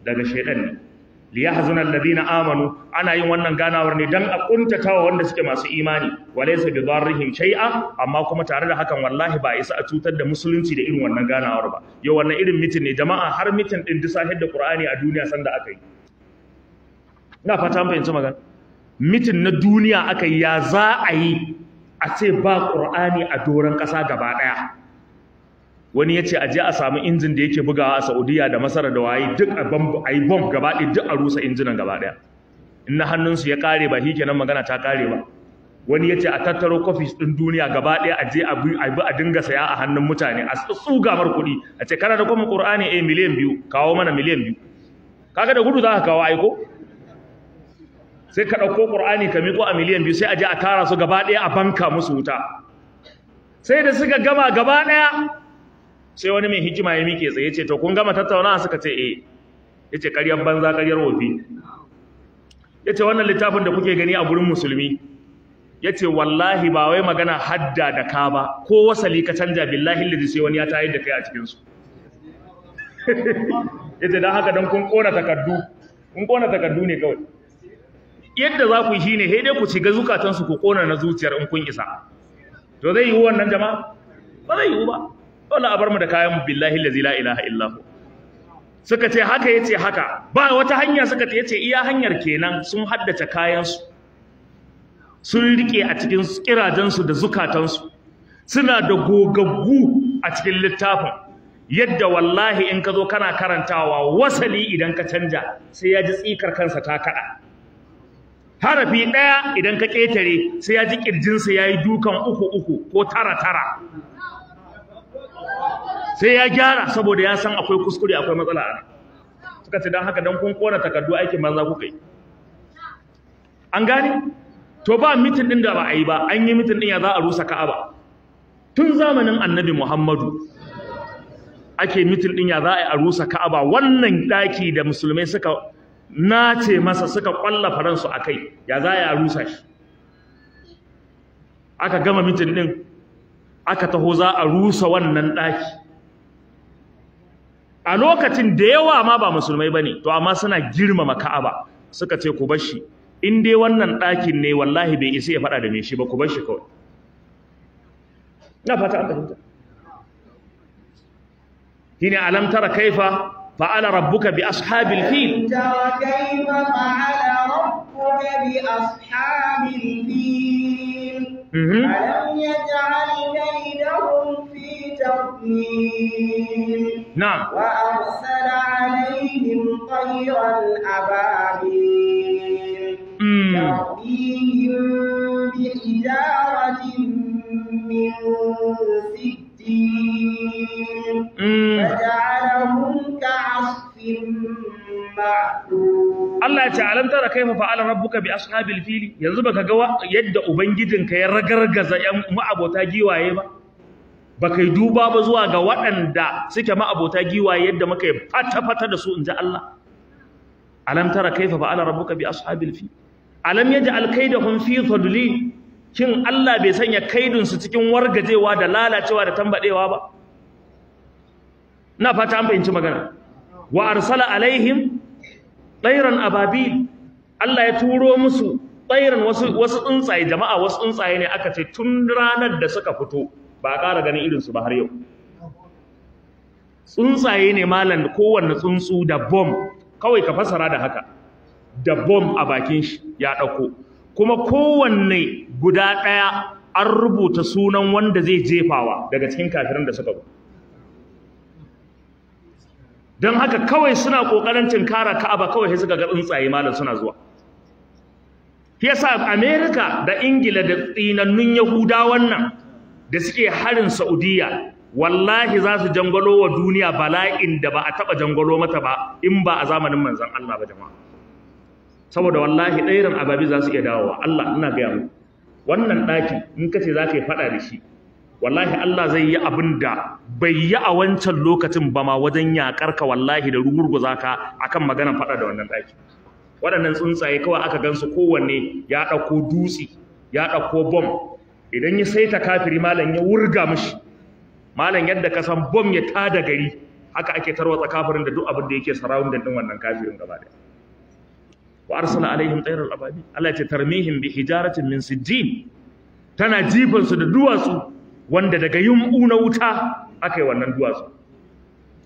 daga shaytan ne liyahzuna alladhina amanu ana yin wannan ganawar ne dan a tawa wanda suke masu imani walaysa bi darrihim shay'a amma kuma tare da hakan wallahi ba isa a cutar da musulunci da irin wannan ganawar ba yau wannan irin mitin ne jama'a har mitin din disahid da qur'ani a duniya sanda aka yi ina fata an fahimci magana mitin na duniya aka yi ya za a yi a ce ba ƙur'ani a doron ƙasa gaba ɗaya wani ya ce a je a samu injin da yake bugawa a saudiya da masarar da waye duk a yi bom gaba ɗaya duk a rusa injinan gaba ɗaya in na hannunsu ya ƙare ba shi magana ta ƙare ba wani ya ce a tattaro kofis ɗin duniya gaba ɗaya a je a bi a dinga saya a hannun mutane a tsugamar kuɗi a ce kana da kuma ƙur'ani eh miliyan biyu kawo mana miliyan biyu kaga da gudu za ka kawo aiko sai ka ɗauko ƙur'ani ka miƙo a miliyan biyu sai a je a tara su gaba ɗaya a banka musu wuta sai da suka gama gaba ɗaya sai wani mai hikima ya miƙe tsaye ce to kun gama tattaunawa suka ce eh ya ce ƙaryar banza ƙaryar wofi ya ce wannan littafin da kuke gani a gurin musulmi ya ce wallahi ba wai magana hadda da ka ba ko wasali ka canja billahi lidi sai wani ya tayar da kai a cikinsu ya ce don haka don kun ƙona takardu kun ƙona takardu ne kawai yadda za ku yi shine sai dai ku shiga zukatansu ku kona na zuciyar in kun isa to zai yi wannan jama'a ba zai yi ba dole a bar mu da kayan billahi la ilaha illa suka ce haka yace haka ba wata hanya suka ce yace iya hanyar kenan sun haddace kayansu, sun rike a cikin kirajen da zukatan suna da gogaggu a cikin littafin yadda wallahi in ka zo kana karantawa wasali idan ka canja sai ya ji tsikar kansa ta kada harafi ɗaya idan ka ƙetare sai ya ji ƙirjinsa ya yi dukan uku uku ko tara tara sai ya gyara saboda ya san akwai kuskure akwai matsala a suka ce don haka don kun kona takardu aikin banza kuka yi an gane to ba mitin ɗin da ba a yi ba an yi mitin ɗin ya za a rusa ka'aba tun zamanin annabi muhammadu ake mitin ɗin ya za a yi a rusa ka'aba wannan ɗaki da musulmai suka na ce masa suka kwalla faransu a kai ya za ya rusa shi aka gama mitin din aka taho za a rusa wannan ɗaki a lokacin da yawa ma ba musulmai ba ne to amma suna girmama ka'aba suka ce ku bashi in dai wannan ɗakin ne wallahi bai isa ya faɗa da mai shi ba ku bashi kawai na fata an fahimta shine alam tara kaifa فعل ربك بأصحاب الفيل كيف فعل ربك بأصحاب الفيل ألم يجعل كيدهم في تضليل نعم وأرسل alam tara kaifa fa'ala rabbuka bi ashabil fili yanzu baka ga yadda ubangijinka ya ragargaza yan ma'abota giwaye ba baka duba ba zuwa ga waɗanda suke ma'abota giwaye yadda muka yi fata-fata da su in ji Allah alam tara kaifa fa'ala rabbuka bi ashabil fili alam yaj'al kaidahum fi dhulli shin Allah bai sanya kaidun su cikin wargajewa da lalacewa da tambadewa ba na fata an fahimci magana wa arsala alaihim ɗairan ababil Allah ya turo musu ɗairan wasu tsuntsaye jama'a wasu tsuntsaye ne aka ce tun ranar da suka fito ba a ƙara ganin irinsu ba har yau tsuntsaye ne malam kowanne tsuntsu da bom kawai ka fasara da haka da bom a bakin shi ya ɗauko kuma kowanne guda ɗaya an rubuta sunan wanda zai jefawa daga cikin kafirin da suka gudu don haka kawai suna ƙoƙarin cinkara ka'aba kawai sai suka ga tsuntsaye malam suna zuwa yasa Amerika da Ingila da tsinannun Yahuda wannan da suke harin Saudiya wallahi za su jangwalo wa duniya bala'in da ba a taɓa jangwalo mata ba in ba a zamanin manzan Allah ba jama'a saboda wallahi ɗairan ababi za su iya dawowa Allah ina gaya muku wannan ɗaki in kace za ka yi faɗa da shi wallahi Allah zai yi abin da bai yi a wancan lokacin ba ma wajen yakar ka wallahi da rugurguza ka akan maganar faɗa da wannan ɗaki waɗannan tsuntsaye kawai aka gansu kowanne ya ɗauko dutse ya ɗauko bom idan ya saita kafiri malam ya wurga mishi malam yadda ka san bom ya tada gari haka ake tarwatsa kafirin da duk abin da yake sarawun din wannan kafirin gaba ɗaya wa arsala alaihim ababi Allah ya ce tarmihim bi hijaratin min sijjin tana jifansu da duwatsu wanda daga yin una wuta aka yi wannan duwatsu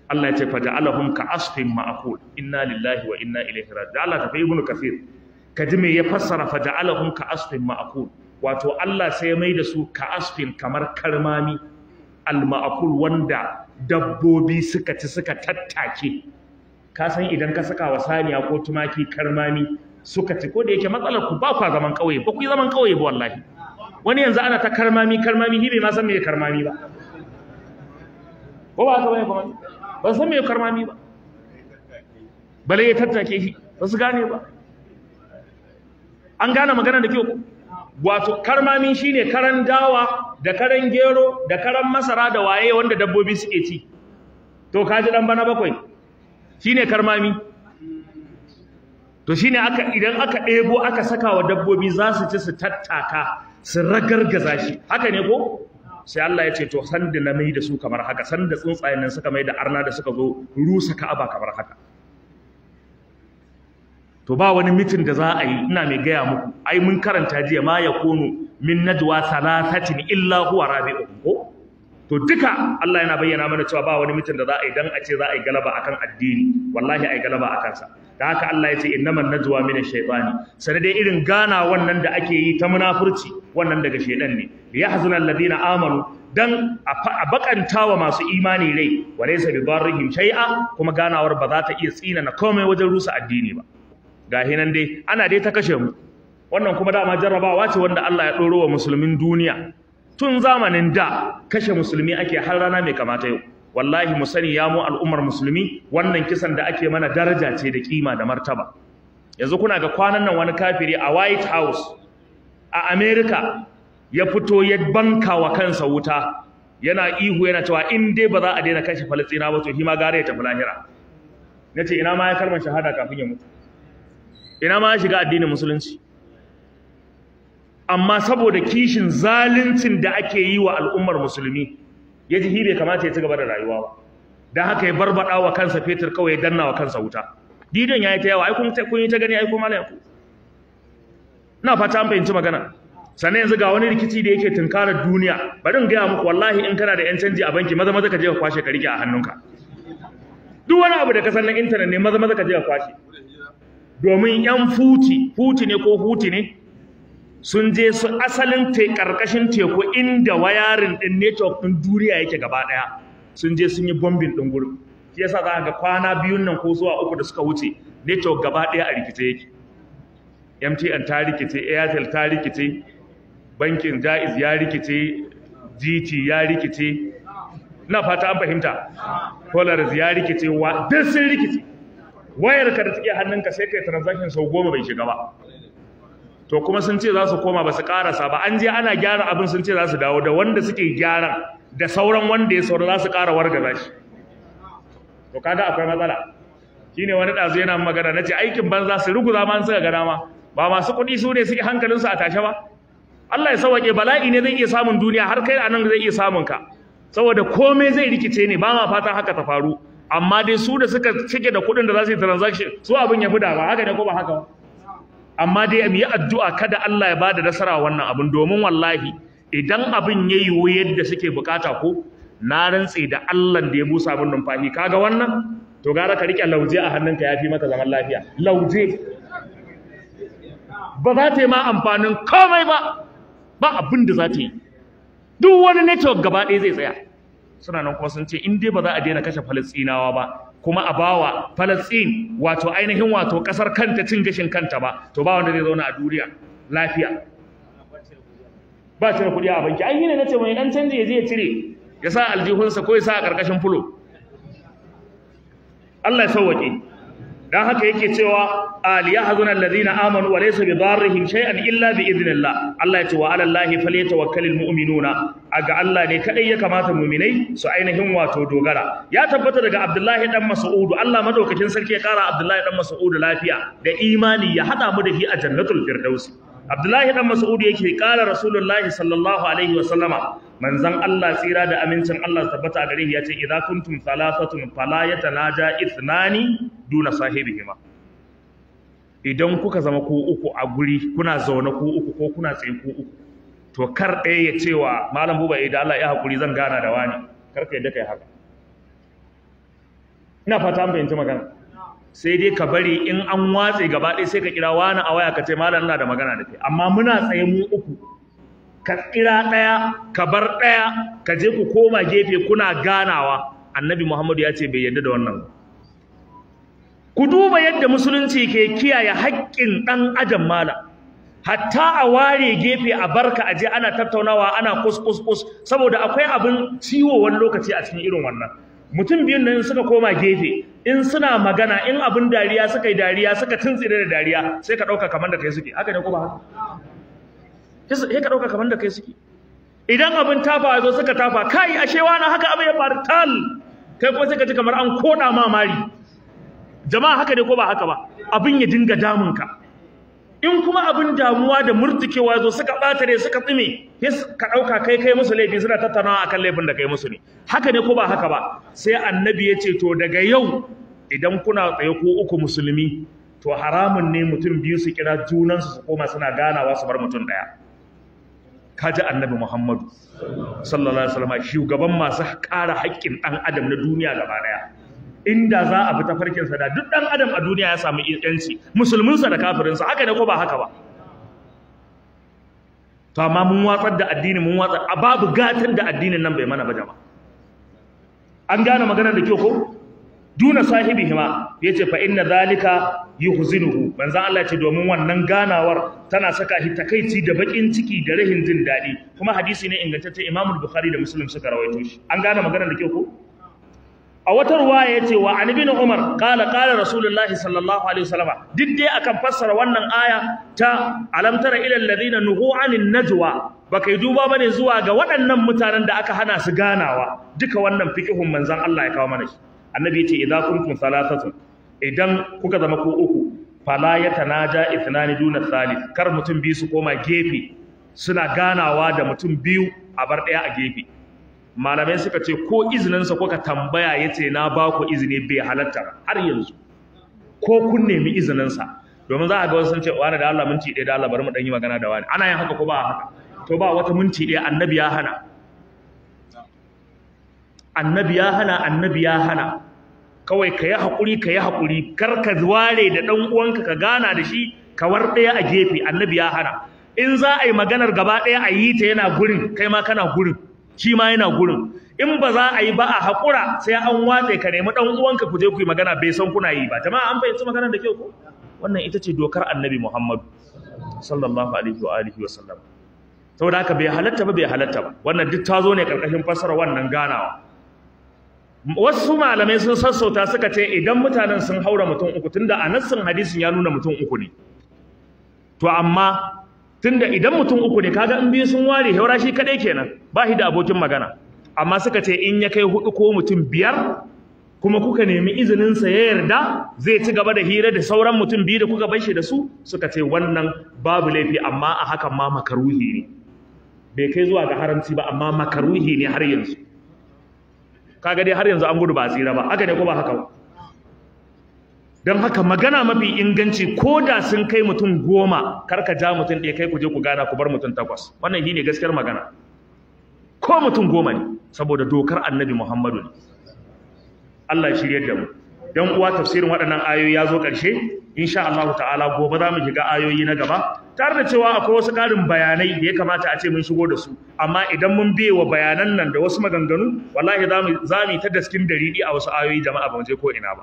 Allah ya ce fa ja'alahum ka asfin ma'qul inna lillahi wa inna ilaihi da Allah tafi ibnu kafir kaji me ya fassara fa ja'alahum ka asfin ma'qul wato Allah sai ya mai da su ka asfin kamar karmami al wanda dabbobi suka ci suka tattake ka san idan ka saka wa saniya ko tumaki karmami suka ci ko da yake matsalar ku ba ku zaman kauye ba ku yi zaman kauye ba wallahi wani yanzu ana ta karmami karmami hi bai ma san me karmami ba ko ba ka bane ba ba san me karmami ba bale ya tattake shi ba su gane ba an gane magana da kyau wato karmami shine karan dawa da karan gero da karan masara da waye wanda dabbobi suke ci to ka ji dan bana bakwai shine karmami to shine aka idan aka ɗebo aka saka wa dabbobi za su ci su tattaka su ragargaza shi haka ne ko sai Allah ya ce to san da na mai da su kamar haka san da tsuntsayen nan suka mai da arna da suka zo rusa ka'aba kamar haka to ba wani mitin da za a yi ina mai gaya muku ai mun karanta jiya ma ya kono min najwa salatatin illa huwa Rabi'u ko to duka Allah yana bayyana mana cewa ba wani mutum da za a yi dan a ce za a yi galaba akan addini wallahi a galaba akan sa da haka Allah ya ce na najwa min ash-shaytani sanadai irin gana wannan da ake yi ta munafurci wannan daga shedan ne hazuna alladhina amanu dan a bakantawa masu imani rai walaysa bi darrihim shay'a kuma ganawar ba za ta iya tsina na komai wajen rusa addini ba gahi nan dai ana dai ta kashe mu wannan kuma dama jarrabawa ce wanda Allah ya doro wa musulmin duniya tun zamanin da kashe musulmi ake har rana mai kamata yau wallahi mu sani ya mu al'ummar musulmi wannan kisan da ake mana daraja ce da kima da martaba yanzu kuna ga kwanan nan wani kafiri a white house a Amerika ya fito ya banka wa kansa wuta yana ihu yana cewa in dai ba za a daina kashe falastina ba to hima gare ya tafi lahira nace ina ma ya kalmar shahada kafin ya mutu ina ma ya shiga addinin musulunci amma saboda kishin zaluncin da ake yi wa al'ummar musulmi ya ji bai kamata ya ci gaba da rayuwa ba don haka ya barbada wa kansa fetur kawai ya danna wa kansa wuta ya yi ta yawa ai kun yi ta gani ai kuma malam ku ina fata an fahimci magana sannan yanzu ga wani rikici da yake tunkara duniya bari in gaya muku wallahi in kana da yan canji a banki maza maza ka je ka kwashe ka rike a hannunka duk wani abu da ka san na intanet ne maza maza ka je ka kwashe domin yan futi futi ne ko huti ne sun je su asalin te karkashin teku inda wayarin din network din duniya yake gaba daya sun je sun yi bombing din gurin shi yasa za ga kwana biyun nan ko zuwa uku da suka wuce network gaba daya a rikice yake MTN ta rikice Airtel ta rikice bankin Jaiz ya rikice GT ya rikice na fata an fahimta Polaris ya rikice wa duk sun rikice wayar ka da take hannunka sai kai transaction sau goma bai shiga ba to kuma sun ce za su koma ba su karasa ba an je ana gyara abin sun ce za su dawo da wanda suke gyara da sauran wanda ya saura za su kara wargaza shi to kaga akwai matsala shine wani ɗazu yana magana na ce aikin banza su ruguza ma suka ga ma ba masu kuɗi su ne suke hankalinsu a tashe ba Allah ya sauke bala'i ne zai iya samun duniya har kai anan zai iya samun ka saboda komai zai rikice ne ba ma fatan haka ta faru amma dai su da suka cike da kuɗin da za su yi transaction su abin ya fi da ba haka ne ko ba haka ba amma dai mu yi addu'a kada Allah ya bada nasara wannan abin domin wallahi idan abin ya yiwu yadda suke bukata ko na rantse da Allah da ya busa abin numfashi kaga wannan to gara ka rike lauje a hannunka yafi maka zaman lafiya lauje ba za ta yi ma amfanin komai ba ba abin da za ta yi duk wani network gaba ɗaya zai tsaya suna nan kuma sun ce in dai ba za a daina kashe falastinawa ba kuma a bawa Palestine wato ainihin wato kasar kanta cin gashin kanta ba to ba wanda zai zauna a duniya lafiya ba cire kuɗi a banki an yi ne na ce mai ɗan canji ya je ya cire ya sa aljihunsa ko ya sa a ƙarƙashin fulo Allah ya sauwaƙe dan haka yake cewa al yahzuna alladhina amanu wa laysa bi darrihim shay'an illa bi idnillah Allah ya ce wa ala allahi falyatawakkalul mu'minuna a ga Allah ne kadai ya kamata muminai su ainihin wato dogara ya tabbata daga Abdullahi dan Mas'ud Allah madaukakin sarki ya kara Abdullahi dan Mas'ud lafiya da imani ya haɗa mu da shi a jannatul firdausi Abdullahi dan Mas'ud yake kara Rasulullahi sallallahu alaihi wa sallama manzon Allah tsira da amincin Allah tabbata gare shi yace idza kuntum thalathatun fala yatanaja ithnani duna Hima. idan kuka zama ko uku a guri kuna zaune ko uku ko kuna tsaye ku uku to kar ɗaya ya cewa malam buba eh, da Allah ya haƙuri zan gana da wani kar ka yadda kai haka ina fata an fahimci magana sai dai ka bari in an watse gaba ɗaya sai ka kira wani a waya ka ce malam ina da magana da kai amma muna tsaye mu uku ka kira ɗaya ka bar ɗaya ka je ku koma gefe kuna ganawa annabi muhammadu ya ce bai yadda da wannan ku duba yadda musulunci ke kiyaye haƙƙin ɗan adam malam hatta a ware gefe a barka aje ana tattaunawa ana kus-kus-kus saboda akwai abin ciwo wani lokaci a cikin irin wannan mutum biyun nan suka koma gefe in suna magana in abin dariya suka yi dariya suka tuntsire da dariya sai ka ɗauka kamar da kai suke haka ne ko ba haka sai ka ɗauka kamar da kai suke idan abin tafa zo suka tafa kai ashe wani haka abin ya faru tal kai kuma sai ka ji kamar an koɗa ma mari jama'a haka ne ko ba haka ba abin ya dinga damunka in kuma abin damuwa da murtukewa zo suka ɓata ne suka tsime ka ɗauka kai kai musu laifi suna tattaunawa akan laifin da kai musu ne haka ne ko ba haka ba sai annabi ya ce to daga yau idan kuna tsaye ko uku musulmi to haramun ne mutum biyu su kira junansu su koma suna ganawa su bar mutum ɗaya kaji annabi muhammadu sallallahu alaihi wasallam shugaban masu ƙara haƙƙin ɗan adam na duniya gaba ɗaya inda za a fita sa da duk dan adam a duniya ya samu yanci musulminsa da kafirinsa haka ne ko ba haka ba to amma mun watsar da addini mun watsar a babu gatan da addinin nan bai mana ba jama'a an gane maganar da kyau ko duna sahibihima yace fa inna zalika yuhzinuhu manzon Allah ce domin wannan ganawar tana saka shi takeici da bakin ciki da rahin jin dadi kuma hadisi ne ingantacce Imam Bukhari da Muslim suka rawaito shi an gane maganar da kyau ko a wata ruwaya yace wa anibin umar qala qala rasulullahi sallallahu alaihi wasallam duk dai akan fassara wannan aya ta alamtara ilal na nuhu anin najwa baka yi duba ba ne zuwa ga waɗannan mutanen da aka hana su ganawa duka wannan fiqhun manzon Allah ya kawo mana shi annabi yace idza kuntum thalathatun idan kuka zama ko uku fala yatanaja ithnani duna thalith kar mutum biyu su koma gefe suna ganawa da mutum biyu a bar daya a gefe malamai suka ce ko izininsa kuka tambaya ya ce na ba ku izini bai halatta har yanzu ko kun nemi izininsa domin za a ga wasu sun ce wani da Allah minti ɗaya da Allah bari mu ɗan yi magana da wani ana yin haka ko ba haka to ba wata minti ɗaya annabi ya hana annabi ya hana annabi ya hana kawai ka yi haƙuri ka yi haƙuri kar ka ware da ɗan uwanka ka gana da shi kawar ɗaya a gefe annabi ya hana in za a yi maganar gaba ɗaya a yi ta yana gurin kai ma kana gurin shi ma yana gurin in ba za a yi ba a haƙura sai an watse ka nemi ɗan uwanka ku je ku yi magana bai san kuna yi ba jama'a an fahimci magana da kyau ko wannan ita ce dokar annabi muhammadu sallallahu alaihi wa alihi wa sallam saboda haka bai halatta ba bai halatta ba wannan duk ta zo ne karkashin fassara wannan ganawa wasu malamai sun sassauta suka ce idan mutanen sun haura mutum uku tunda a nassin hadisin ya nuna mutum uku ne to amma tunda idan mutum uku ne kaga in biyu sun ware haura shi kadai kenan ba shi da abokin magana amma suka ce in ya kai hudu ko mutum biyar kuma kuka nemi izinin sa ya yarda zai ci gaba da hira da sauran mutum biyu da kuka bar shi da su suka ce wannan babu laifi amma a hakan ma makaruhi ne bai kai zuwa ga haramci ba amma makaruhi ne har yanzu kaga dai har yanzu an gudu ba tsira ba haka ne ko ba haka ba don haka magana mafi inganci ko da sun kai mutum goma kar ka ja mutum ɗaya kai ku je ku gana ku bar mutum takwas wannan ne gaskiyar magana ko mutum goma ne saboda dokar annabi muhammadu ne Allah shirya da mu dan uwa tafsirin waɗannan ayoyi ya zo ƙarshe insha Allah ta'ala gobe za mu shiga ayoyi na gaba tare da cewa akwai wasu ƙarin bayanai da ya kamata a ce mun shigo da su amma idan mun biye wa bayanan nan da wasu maganganu wallahi za mu yi ta daskin dariɗi a wasu ayoyi jama'a ba mu je ko ina ba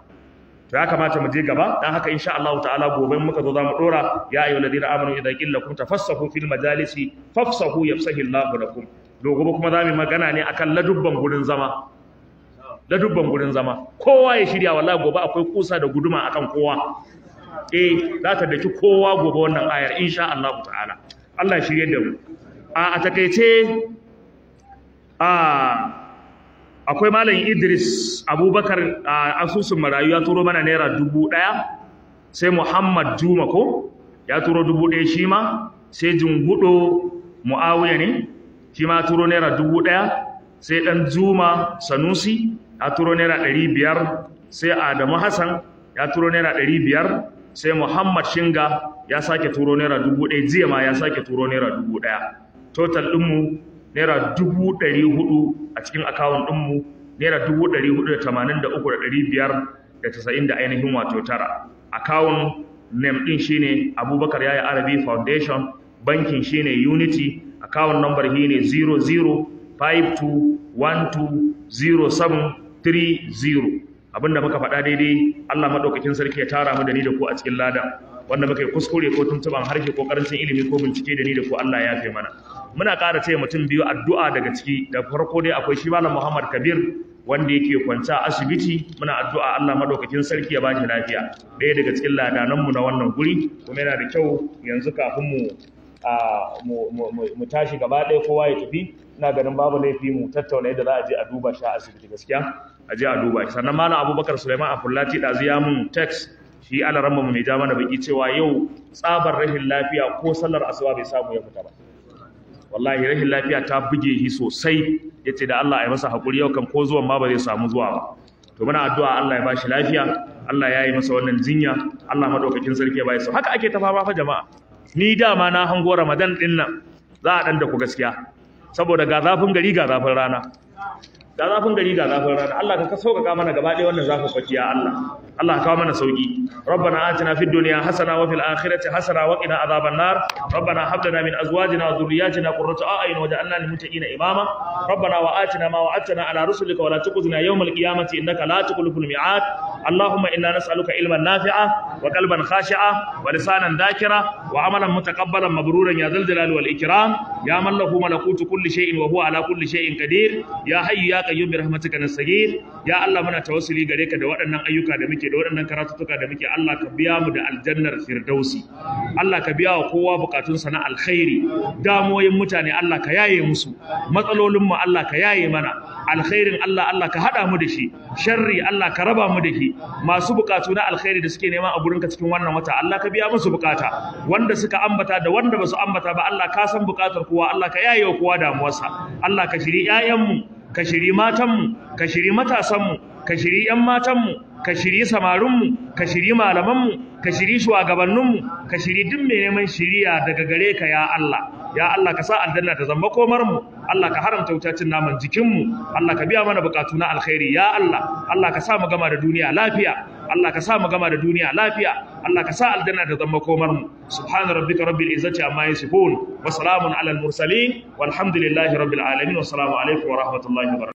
ya kamata mu je gaba dan haka insha Allah ta'ala gobe muka zo zamu dora ya ayu ladina amanu idza qilla kum tafassahu fil majalisi fafsahu yafsahu Allah lakum do gobe kuma zamu magana ne akan ladubban gurin zama ladubban gurin zama kowa ya shirya wallahi gobe akwai kusa da guduma akan kowa eh za ta daki kowa gobe wannan ayar insha Allah ta'ala Allah shirye da mu a takaice a akwai malam idris abubakar a asusun marayu ya turo mana naira dubu ɗaya sai muhammad juma ko ya turo dubu ɗaya shi ma sai jingudo mu'awiya ne shi ma turo naira dubu ɗaya sai ɗan juma sanusi ya turo naira dari biyar sai adamu hassan ya turo naira dari biyar sai muhammad shinga ya sake turo naira dubu ɗaya jiya ma ya sake turo naira dubu ɗaya total mu. naira dubu ɗari hudu a cikin akawun ɗinmu naira dubu ɗari hudu da tamanin da uku da ɗari biyar da tasa'in da ainihin wato tara akawun nem ɗin shine abubakar yaya arabi foundation bankin shine unity akawun nambar ne 0052120730 abinda muka faɗa daidai Allah maɗaukakin sarki ya tara mu da ni da ku a cikin ladan wanda muka yi kuskure ko tuntuban harshe ko karancin ilimi ko bincike da ni da ku Allah ya fi mana muna ƙara ce mutum biyu addu'a daga ciki da farko dai akwai shi malam Muhammad Kabir wanda yake kwanta asibiti muna addu'a Allah madaukakin sarki ya bashi lafiya ɗaya daga cikin mu na wannan guri kuma yana da kyau yanzu kafin mu mu tashi gaba ɗaya kowa ya tafi ina ganin babu laifi mu tattauna yadda za a je a duba shi a asibiti gaskiya a je a duba shi sannan malam abubakar suleiman a fullati ɗazu ya mun text shi ramba mu mai ja mana baki cewa yau tsabar rahin lafiya ko sallar asuba bai samu ya fita ba wallahi rahin lafiya ta buge shi sosai yace da Allah ya masa hakuri yau kan ko zuwan ma ba zai samu zuwa ba to muna addu'a Allah ya ba shi lafiya Allah ya yi masa wannan jinya Allah madaukakin sarki ya bai sa, haka ake ta fama fa jama'a ni dama na hango Ramadan din nan za a danda da ku gaskiya saboda ga zafin gari ga zafin rana ga zafin gari ga zafin rana Allah ka sauƙaƙa mana gaba ɗaya wannan zafin kwaciya Allah Allah kawo mana sauki rabbana atina fid dunya hasana wa fil akhirati hasana wa qina adhaban nar rabbana hab lana min azwajina wa dhurriyyatina qurrata a'yun waj'alna lil muttaqina imama rabbana wa atina ma wa'adtana ala rusulika wa la tuqzina yawmal qiyamati innaka la tukhlifu mi'ad allahumma inna nas'aluka ilman nafi'a wa qalban khashi'a wa lisanan dhakira wa amalan mutaqabbalan mabruran ya dhal jalali wal ikram ya man lahu malakutu kulli shay'in wa huwa ala kulli shay'in qadir ya hayyu ya qayyum bi rahmatika nastaghir ya allah muna tawassuli gare ka da waɗannan ayyuka da muke muke da waɗannan karatuttuka da muke Allah ka biya mu da aljannar firdausi Allah ka biya wa kowa bukatunsa na alkhairi damoyin mutane Allah ka yaye musu matsalolin mu Allah ka yaye mana alkhairin Allah Allah ka hada mu da shi sharri Allah ka raba mu da shi masu bukatu na alkhairi da suke nema a ka cikin wannan wata Allah ka biya musu bukata wanda suka ambata da wanda basu ambata ba Allah ka san bukatar kowa Allah ka yaye wa kowa damuwarsa Allah ka shiri 'ya'yanmu ka shiri matanmu ka shiri matasanmu ka shiri 'yan matanmu ka shiri samarinmu ka shiri malamanmu ka shiri shugabanninmu ka shiri duk mai neman shiriya daga gare ka ya Allah ya Allah ka sa aljanna ta zama komarmu Allah ka haramta wutacin naman jikinmu Allah ka biya mana bukatu na alkhairi ya Allah Allah ka sa mu gama da duniya lafiya Allah ka sa mu gama da duniya lafiya Allah ka sa aljanna ta zama komar mu subhana rabbika rabbil izzati amma yasifun wa salamun alal mursalin walhamdulillahi rabbil alamin wa salamu alaikum wa rahmatullahi wa barakatuh